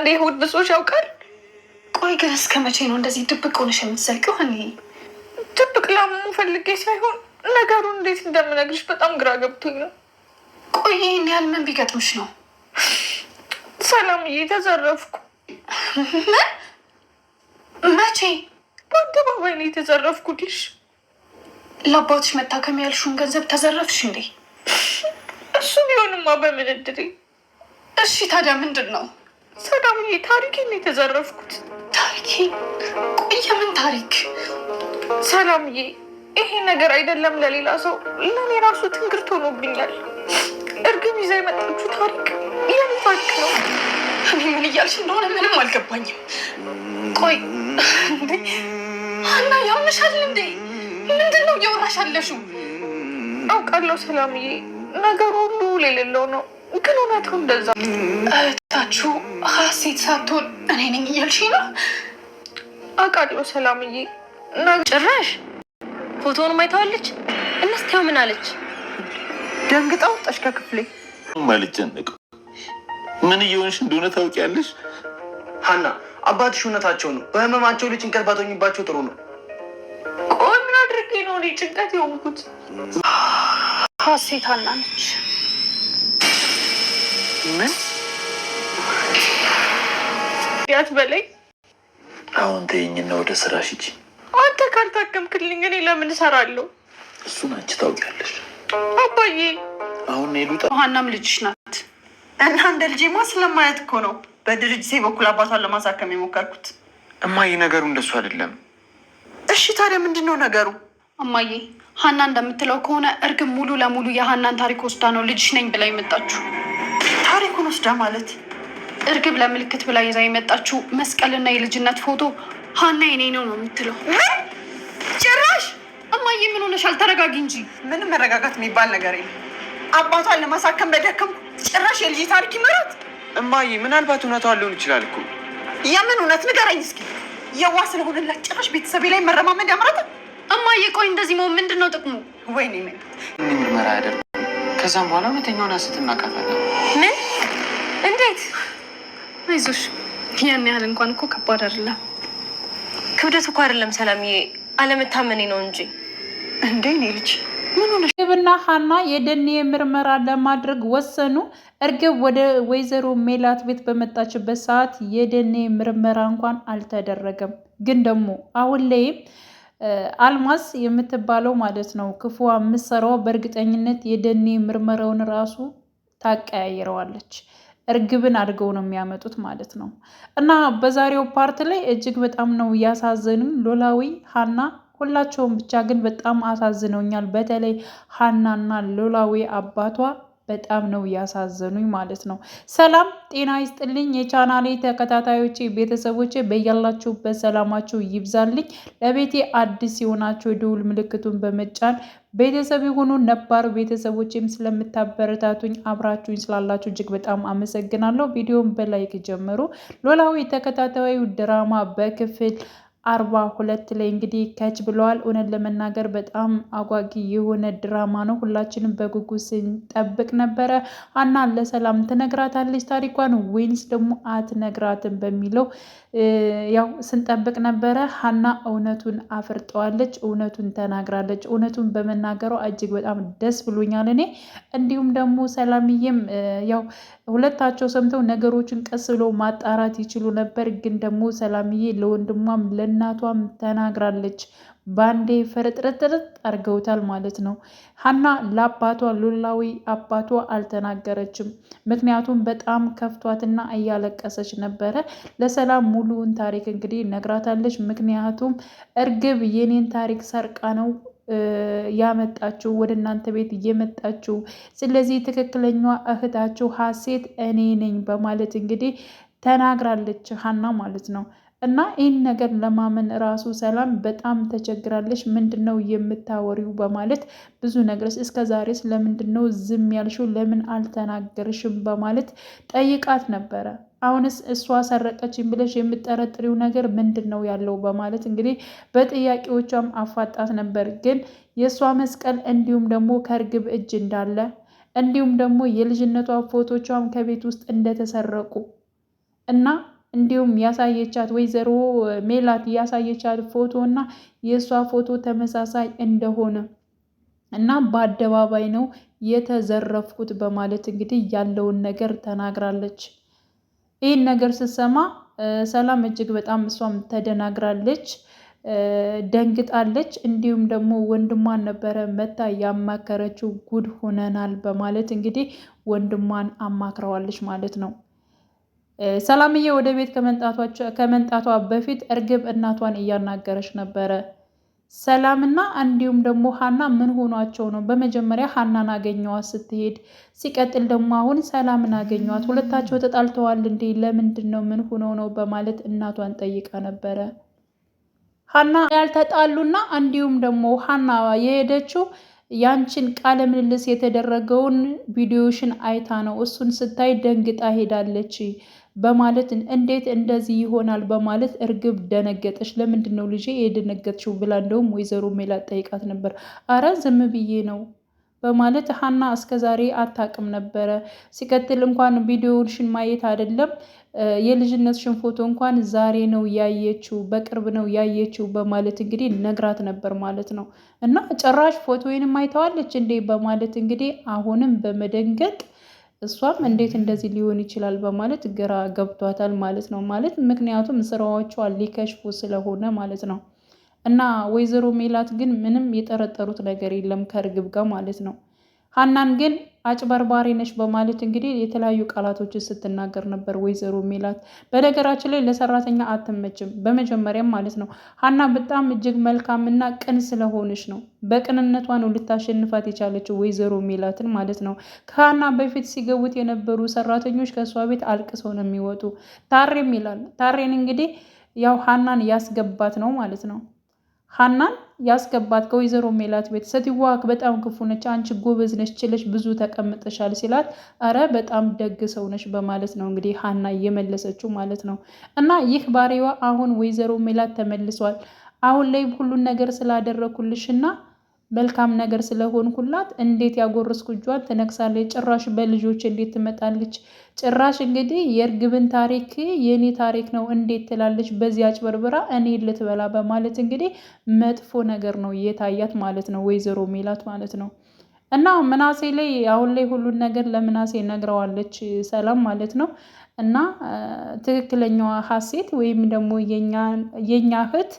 እንደ ሆድ ያውቃል። ቆይ ግን እስከ መቼ ነው እንደዚህ ድብቅ ሆነሽ የምትዘልቂው? እኔ ድብቅ ላሙ ፈልጌ ሳይሆን ነገሩን እንዴት እንደምነግርሽ በጣም ግራ ገብቶኝ ነው። ቆይ ይህን ያህል ምን ቢገጥምሽ ነው? ሰላምዬ፣ ተዘረፍኩ። መቼ? በአደባባይ ነው የተዘረፍኩልሽ። ለአባትሽ መታከሚያ ያልሽውን ገንዘብ ተዘረፍሽ እንዴ? እሱ ቢሆንማ በምን እድሬ። እሺ ታዲያ ምንድን ነው ሰላምዬ ታሪኬን ነው የተዘረፍኩት። ታሪኬ? ቆይ ምን ታሪክ? ሰላምዬ ይሄ ነገር አይደለም ለሌላ ሰው ለእኔ ራሱ ትንግርት ሆኖብኛል። እርግም ይዛ የመጣችሁ ታሪክ የኔ ታሪክ ነው። እኔ ምን እያልሽ እንደሆነ ምንም አልገባኝም። ቆይ እንዴ አና ያምሻል እንዴ? ምንድን ነው እያወራሽ አውቃለሁ ሰላምዬ፣ ነገሩ ሁሉ የሌለው ነው ግን እውነቱ እንደዛ የመጣችው ሀሴት ሳትሆን እኔ ነኝ እያልሽኝ ነው? አውቃለሁ ሰላምዬ። ጭራሽ ፎቶውን ማይተዋለች። እንስቲያው ምን አለች? ደንግጣ ከክፍሌ። ምን እየሆንሽ እንደሆነ ታውቂያለሽ ሀና። አባትሽ እውነታቸው ነው። በህመማቸው ላይ ጭንቀት ባትሆኝባቸው ጥሩ ነው። ቆይ ምን አድርጌ ነው እኔ ጭንቀት የሆንኩት? ሀሴት ሀና ነች። ምን ያት በላይ አሁን ተይኝና ወደ ስራሽ ሂጂ። አንተ ካልታከምክልኝ እኔ ለምን እሰራለሁ? እሱን አንቺ ታውቂያለሽ። አባዬ አሁን ሄዱጣ ሀናም ልጅሽ ናት እና እንደ ልጄማ ስለማያት እኮ ነው በድርጅቴ በኩል አባቷን ለማሳከም የሞከርኩት። እማዬ ነገሩ እንደሱ አይደለም። እሺ ታዲያ ምንድን ነው ነገሩ? እማዬ ሀና እንደምትለው ከሆነ እርግብ ሙሉ ለሙሉ የሀናን ታሪክ ወስዳ ነው ልጅሽ ነኝ ብላ የመጣችሁ። ታሪኩን ወስዳ ማለት እርግብ ለምልክት ብላ ይዛ የመጣችው መስቀልና የልጅነት ፎቶ ሀና የኔ ነው ነው የምትለው። ጭራሽ እማዬ ምን ሆነሻል? አልተረጋጊ እንጂ። ምንም መረጋጋት የሚባል ነገር የለም። አባቷን ለማሳከም በደከም ጭራሽ የልጅ ታሪክ ይመራት። እማዬ ምናልባት እውነቷ ሊሆን ይችላል እኮ። የምን እውነት ንገረኝ እስኪ። የዋ ስለሆነላት ጭራሽ ቤተሰቤ ላይ መረማመድ ያምራታል። እማዬ ቆይ እንደዚህ መሆን ምንድን ነው ጥቅሙ? ወይኔ ምንድመራ ያደርጉ ከዛም በኋላ እውነተኛውን አስት እናቃታለን። ምን እንዴት አይዞሽ፣ ያን ያህል እንኳን እኮ ከባድ አይደለም። ክብደት እኮ አይደለም ሰላምዬ፣ አለመታመኔ ነው እንጂ። እንዴ እኔ ልጅ እርግብና ሀና የደኔ ምርመራ ለማድረግ ወሰኑ። እርግብ ወደ ወይዘሮ ሜላት ቤት በመጣችበት ሰዓት የደኔ ምርመራ እንኳን አልተደረገም። ግን ደግሞ አሁን ላይም አልማስ የምትባለው ማለት ነው ክፉ የምትሰራው በእርግጠኝነት የደኔ ምርመራውን ራሱ ታቀያይረዋለች። እርግብን አድርገው ነው የሚያመጡት ማለት ነው። እና በዛሬው ፓርት ላይ እጅግ በጣም ነው ያሳዘኑኝ ኖላዊ ሀና ሁላቸውም ብቻ ግን በጣም አሳዝነውኛል። በተለይ ሀናና ኖላዊ አባቷ በጣም ነው እያሳዘኑኝ ማለት ነው። ሰላም ጤና ይስጥልኝ የቻናሌ ተከታታዮች ቤተሰቦች በያላችሁበት ሰላማችሁ ይብዛልኝ። ለቤቴ አዲስ የሆናችሁ የደውል ምልክቱን በመጫን ቤተሰብ የሆኑ ነባር ቤተሰቦችም ስለምታበረታቱኝ አብራችሁኝ ስላላችሁ እጅግ በጣም አመሰግናለሁ። ቪዲዮን በላይክ ጀምሩ። ኖላዊ ተከታታዩ ድራማ በክፍል አርባ ሁለት ላይ እንግዲህ ከች ብለዋል። እውነት ለመናገር በጣም አጓጊ የሆነ ድራማ ነው። ሁላችንም በጉጉት ስንጠብቅ ነበረ። አና ለሰላም ትነግራታለች ታሪኳን ወይንስ ደግሞ አትነግራትም በሚለው ያው ስንጠብቅ ነበረ። ሀና እውነቱን አፍርጠዋለች፣ እውነቱን ተናግራለች። እውነቱን በመናገሯ እጅግ በጣም ደስ ብሎኛል እኔ እንዲሁም ደግሞ ሰላምዬም ያው ሁለታቸው ሰምተው ነገሮችን ቀስ ብለው ማጣራት ይችሉ ነበር፣ ግን ደግሞ ሰላምዬ ለወንድሟም ለ ለእናቷም ተናግራለች። ባንዴ ፍርጥርጥርጥ አድርገውታል ማለት ነው። ሀና ለአባቷ ሉላዊ አባቷ አልተናገረችም። ምክንያቱም በጣም ከፍቷትና እያለቀሰች ነበረ። ለሰላም ሙሉውን ታሪክ እንግዲህ ነግራታለች። ምክንያቱም እርግብ የኔን ታሪክ ሰርቃ ነው ያመጣችሁ ወደ እናንተ ቤት እየመጣችሁ ስለዚህ ትክክለኛዋ እህታችሁ ሀሴት እኔ ነኝ በማለት እንግዲህ ተናግራለች ሀና ማለት ነው። እና ይህን ነገር ለማመን ራሱ ሰላም በጣም ተቸግራለች። ምንድን ነው የምታወሪው በማለት ብዙ ነገር እስከ ዛሬስ ለምንድን ነው ዝም ያልሽው? ለምን አልተናገርሽም? በማለት ጠይቃት ነበረ። አሁንስ እሷ ሰረቀችኝ ብለሽ የምጠረጥሪው ነገር ምንድን ነው ያለው? በማለት እንግዲህ በጥያቄዎቿም አፋጣት ነበር። ግን የእሷ መስቀል እንዲሁም ደግሞ ከእርግብ እጅ እንዳለ እንዲሁም ደግሞ የልጅነቷ ፎቶቿም ከቤት ውስጥ እንደተሰረቁ እና እንዲሁም ያሳየቻት ወይዘሮ ሜላት ያሳየቻት ፎቶ እና የእሷ ፎቶ ተመሳሳይ እንደሆነ እና በአደባባይ ነው የተዘረፍኩት በማለት እንግዲህ ያለውን ነገር ተናግራለች። ይህን ነገር ስትሰማ ሰላም እጅግ በጣም እሷም ተደናግራለች፣ ደንግጣለች። እንዲሁም ደግሞ ወንድሟን ነበረ መታ ያማከረችው ጉድ ሆነናል በማለት እንግዲህ ወንድሟን አማክረዋለች ማለት ነው። ሰላምዬ ወደ ቤት ከመንጣቷ በፊት እርግብ እናቷን እያናገረች ነበረ። ሰላምና እንዲሁም ደግሞ ሀና ምን ሆኗቸው ነው? በመጀመሪያ ሀናን አገኘዋት ስትሄድ፣ ሲቀጥል ደግሞ አሁን ሰላምን አገኘዋት። ሁለታቸው ተጣልተዋል እንዴ? ለምንድን ነው? ምን ሆነው ነው? በማለት እናቷን ጠይቃ ነበረ። ሀና ያልተጣሉና እንዲሁም ደግሞ ሀና የሄደችው ያንቺን ቃለ ምልልስ የተደረገውን ቪዲዮሽን አይታ ነው። እሱን ስታይ ደንግጣ ሄዳለች። በማለት እንዴት እንደዚህ ይሆናል በማለት እርግብ ደነገጠች። ለምንድን ነው ልጄ የደነገጥችው ብላ እንደውም ወይዘሮ ሜላት ጠይቃት ነበር። አረ ዝም ብዬ ነው በማለት ሀና እስከዛሬ አታውቅም ነበረ። ሲቀጥል እንኳን ቪዲዮሽን ማየት አይደለም የልጅነትሽን ፎቶ እንኳን ዛሬ ነው ያየችው፣ በቅርብ ነው ያየችው በማለት እንግዲህ ነግራት ነበር ማለት ነው። እና ጭራሽ ወይንም አይተዋለች እንዴ በማለት እንግዲህ አሁንም በመደንገጥ እሷም እንዴት እንደዚህ ሊሆን ይችላል በማለት ግራ ገብቷታል ማለት ነው። ማለት ምክንያቱም ስራዎቿ ሊከሽፉ ስለሆነ ማለት ነው። እና ወይዘሮ ሜላት ግን ምንም የጠረጠሩት ነገር የለም ከእርግብ ጋር ማለት ነው። ሀናን ግን አጭበርባሪ ነች በማለት እንግዲህ የተለያዩ ቃላቶችን ስትናገር ነበር ወይዘሮ ሜላት። በነገራችን ላይ ለሰራተኛ አትመችም በመጀመሪያም ማለት ነው። ሀና በጣም እጅግ መልካምና ቅን ስለሆነች ነው በቅንነቷ ነው ልታሸንፋት የቻለችው ወይዘሮ ሜላትን ማለት ነው። ከሀና በፊት ሲገቡት የነበሩ ሰራተኞች ከእሷ ቤት አልቅሰው ነው የሚወጡ። ታሬም ይላል። ታሬን እንግዲህ ያው ሀናን ያስገባት ነው ማለት ነው ሀናን ያስገባት ከወይዘሮ ሜላት ቤት። ሴትዋክ በጣም ክፉ ነች፣ አንቺ ጎበዝ ነች፣ ችለሽ ብዙ ተቀምጠሻል ሲላት፣ አረ በጣም ደግ ሰው ነች በማለት ነው እንግዲህ ሀና እየመለሰችው ማለት ነው። እና ይህ ባሬዋ አሁን ወይዘሮ ሜላት ተመልሷል። አሁን ላይ ሁሉን ነገር ስላደረኩልሽ እና መልካም ነገር ስለሆንኩላት እንዴት ያጎረስኩ እጇን ትነክሳለች፣ ጭራሽ በልጆች እንዴት ትመጣለች፣ ጭራሽ እንግዲህ የእርግብን ታሪክ የእኔ ታሪክ ነው እንዴት ትላለች፣ በዚህ አጭበርብራ እኔ ልትበላ በማለት እንግዲህ መጥፎ ነገር ነው የታያት ማለት ነው፣ ወይዘሮ ሜላት ማለት ነው። እና ምናሴ ላይ አሁን ላይ ሁሉን ነገር ለምናሴ ነግረዋለች ሰላም ማለት ነው። እና ትክክለኛዋ ሀሴት ወይም ደግሞ የእኛ እህት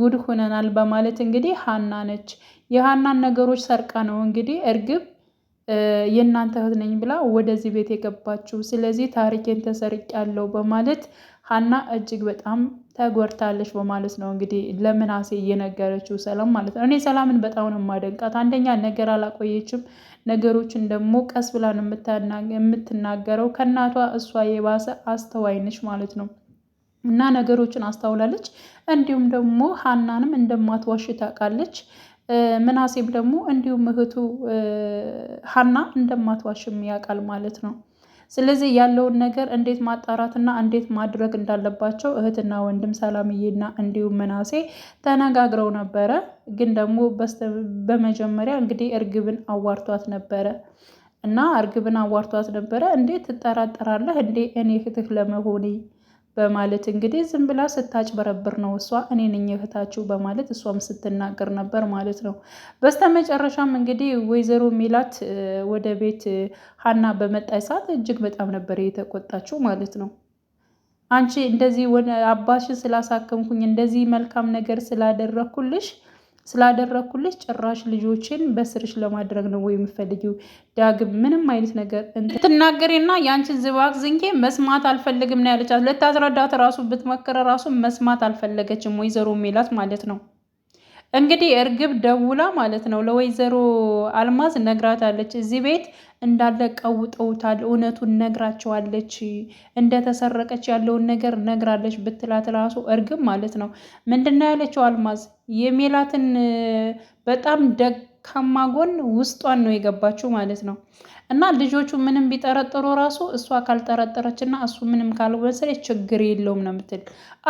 ጉድ ሁነናል በማለት እንግዲህ ሀና ነች የሀናን ነገሮች ሰርቃ ነው እንግዲህ እርግብ የእናንተ እህት ነኝ ብላ ወደዚህ ቤት የገባችው። ስለዚህ ታሪኬን ተሰርቄያለሁ በማለት ሀና እጅግ በጣም ተጎድታለች በማለት ነው እንግዲህ ለምናሴ እየነገረችው ሰላም ማለት ነው። እኔ ሰላምን በጣም ነው የማደንቃት። አንደኛ ነገር አላቆየችም፣ ነገሮችን ደግሞ ቀስ ብላን የምትናገረው ከእናቷ እሷ የባሰ አስተዋይ ነች ማለት ነው። እና ነገሮችን አስታውላለች። እንዲሁም ደግሞ ሀናንም እንደማትዋሽ ታውቃለች። ምናሴም ደግሞ እንዲሁም እህቱ ሀና እንደማትዋሽም ያውቃል ማለት ነው። ስለዚህ ያለውን ነገር እንዴት ማጣራትና እንዴት ማድረግ እንዳለባቸው እህትና ወንድም ሰላምዬና እንዲሁም ምናሴ ተነጋግረው ነበረ። ግን ደግሞ በመጀመሪያ እንግዲህ እርግብን አዋርቷት ነበረ እና እርግብን አዋርቷት ነበረ። እንዴት ትጠራጠራለህ እንዴ እኔ እህትህ ለመሆኔ በማለት እንግዲህ ዝም ብላ ስታጭበረብር ነው እሷ እኔ ነኝ እህታችሁ በማለት እሷም ስትናገር ነበር ማለት ነው። በስተመጨረሻም እንግዲህ ወይዘሮ ሜላት ወደ ቤት ሀና በመጣች ሰዓት እጅግ በጣም ነበር የተቆጣችው ማለት ነው። አንቺ እንደዚህ አባሽ ስላሳከምኩኝ እንደዚህ መልካም ነገር ስላደረግኩልሽ ስላደረግኩልሽ ጭራሽ ልጆችን በስርሽ ለማድረግ ነው ወይ የምፈልጊው? ዳግም ምንም አይነት ነገር ትናገሬና የአንቺን ዝባግ ዝንጌ መስማት አልፈልግም ነው ያለቻት። ልታስረዳት ራሱ ብትመክረ ራሱ መስማት አልፈለገችም ወይዘሮ ሜላት ማለት ነው። እንግዲህ እርግብ ደውላ ማለት ነው ለወይዘሮ አልማዝ ነግራታለች። እዚህ ቤት እንዳለ ቀውጠውታል፣ እውነቱን ነግራቸዋለች፣ እንደተሰረቀች ያለውን ነገር ነግራለች ብትላት ራሱ እርግብ ማለት ነው ምንድን ነው ያለችው? አልማዝ የሚላትን በጣም ደካማ ጎን ውስጧን ነው የገባችው ማለት ነው። እና ልጆቹ ምንም ቢጠረጥሩ ራሱ እሷ ካልጠረጠረች እና እሱ ምንም ካልወሰደ ችግር የለውም ነው የምትል።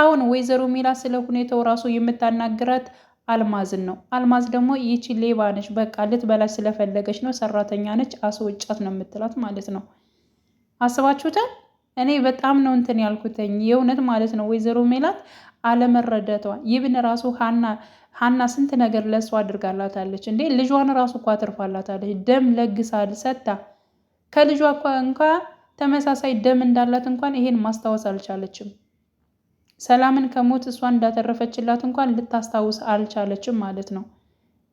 አሁን ወይዘሮ ሚላ ስለ ሁኔታው ራሱ የምታናግራት አልማዝን ነው። አልማዝ ደግሞ ይቺ ሌባ ነች፣ በቃ ልትበላሽ ስለፈለገች ነው፣ ሰራተኛ ነች፣ አስወጫት ነው የምትላት ማለት ነው። አስባችሁታል? እኔ በጣም ነው እንትን ያልኩትኝ የእውነት ማለት ነው። ወይዘሮ ሜላት አለመረደቷ ይብን ራሱ ሀና ሀና ስንት ነገር ለእሱ አድርጋላታለች እንዴ! ልጇን ራሱ እኮ አትርፋላታለች፣ ደም ለግሳል ሰጥታ ከልጇ እንኳ ተመሳሳይ ደም እንዳላት እንኳን ይሄን ማስታወስ አልቻለችም። ሰላምን ከሞት እሷ እንዳተረፈችላት እንኳን ልታስታውስ አልቻለችም ማለት ነው።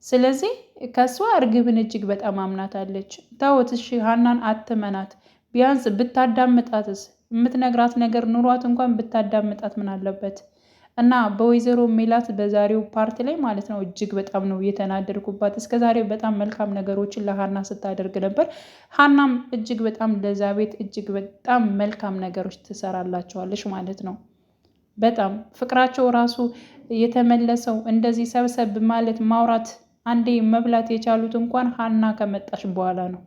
ስለዚህ ከእሷ እርግብን እጅግ በጣም አምናታለች። ተውት እሺ፣ ሀናን አትመናት። ቢያንስ ብታዳምጣትስ የምትነግራት ነገር ኑሯት እንኳን ብታዳምጣት ምን አለበት? እና በወይዘሮ ሜላት በዛሬው ፓርቲ ላይ ማለት ነው እጅግ በጣም ነው የተናደድኩባት። እስከ ዛሬ በጣም መልካም ነገሮችን ለሀና ስታደርግ ነበር። ሀናም እጅግ በጣም ለዛ ቤት እጅግ በጣም መልካም ነገሮች ትሰራላቸዋለች ማለት ነው። በጣም ፍቅራቸው ራሱ የተመለሰው እንደዚህ ሰብሰብ ማለት ማውራት አንዴ መብላት የቻሉት እንኳን ሀና ከመጣች በኋላ ነው።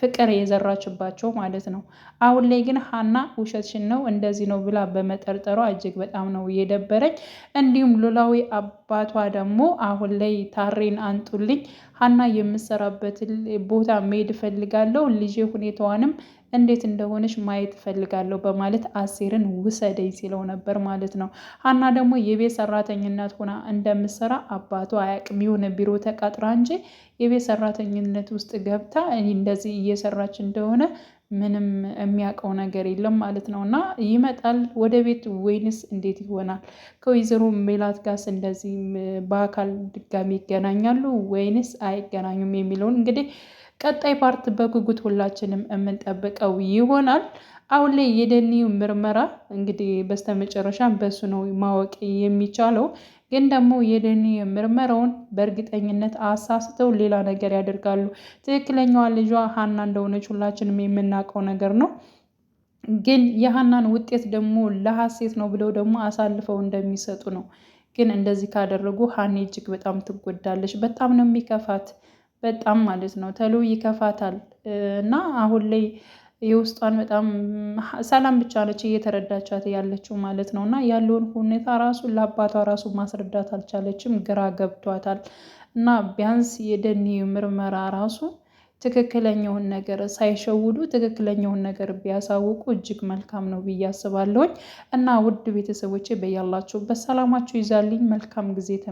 ፍቅር የዘራችባቸው ማለት ነው። አሁን ላይ ግን ሀና ውሸትሽን ነው እንደዚህ ነው ብላ በመጠርጠሯ እጅግ በጣም ነው የደበረኝ። እንዲሁም ሉላዊ አባቷ ደግሞ አሁን ላይ ታሬን አንጡልኝ፣ ሀና የምሰራበት ቦታ መሄድ እፈልጋለሁ፣ ልጄ ሁኔታዋንም እንዴት እንደሆነች ማየት እፈልጋለሁ በማለት አሴርን ውሰደኝ ሲለው ነበር ማለት ነው። ሀና ደግሞ የቤት ሰራተኝነት ሆና እንደምሰራ አባቱ አያውቅም። የሆነ ቢሮ ተቀጥራ እንጂ የቤት ሰራተኝነት ውስጥ ገብታ እንደዚህ እየሰራች እንደሆነ ምንም የሚያውቀው ነገር የለም ማለት ነው። እና ይመጣል ወደ ቤት ወይንስ እንዴት ይሆናል? ከወይዘሮ ሜላት ጋርስ እንደዚህ በአካል ድጋሚ ይገናኛሉ ወይንስ አይገናኙም የሚለውን እንግዲህ ቀጣይ ፓርት በጉጉት ሁላችንም የምንጠብቀው ይሆናል። አሁን ላይ የደኒ ምርመራ እንግዲህ በስተመጨረሻ በሱ ነው ማወቅ የሚቻለው። ግን ደግሞ የደኒ ምርመራውን በእርግጠኝነት አሳስተው ሌላ ነገር ያደርጋሉ። ትክክለኛዋ ልጇ ሀና እንደሆነች ሁላችንም የምናውቀው ነገር ነው። ግን የሀናን ውጤት ደግሞ ለሀሴት ነው ብለው ደግሞ አሳልፈው እንደሚሰጡ ነው። ግን እንደዚህ ካደረጉ ሀኔ እጅግ በጣም ትጎዳለች። በጣም ነው የሚከፋት። በጣም ማለት ነው ተሎ ይከፋታል እና አሁን ላይ የውስጧን በጣም ሰላም ብቻ ነች እየተረዳቻት ያለችው ማለት ነው። እና ያለውን ሁኔታ ራሱ ለአባቷ ራሱ ማስረዳት አልቻለችም፣ ግራ ገብቷታል። እና ቢያንስ የደኒ ምርመራ ራሱ ትክክለኛውን ነገር ሳይሸውዱ ትክክለኛውን ነገር ቢያሳውቁ እጅግ መልካም ነው ብዬ አስባለሁኝ። እና ውድ ቤተሰቦቼ በያላችሁበት ሰላማችሁ ይዛልኝ መልካም ጊዜ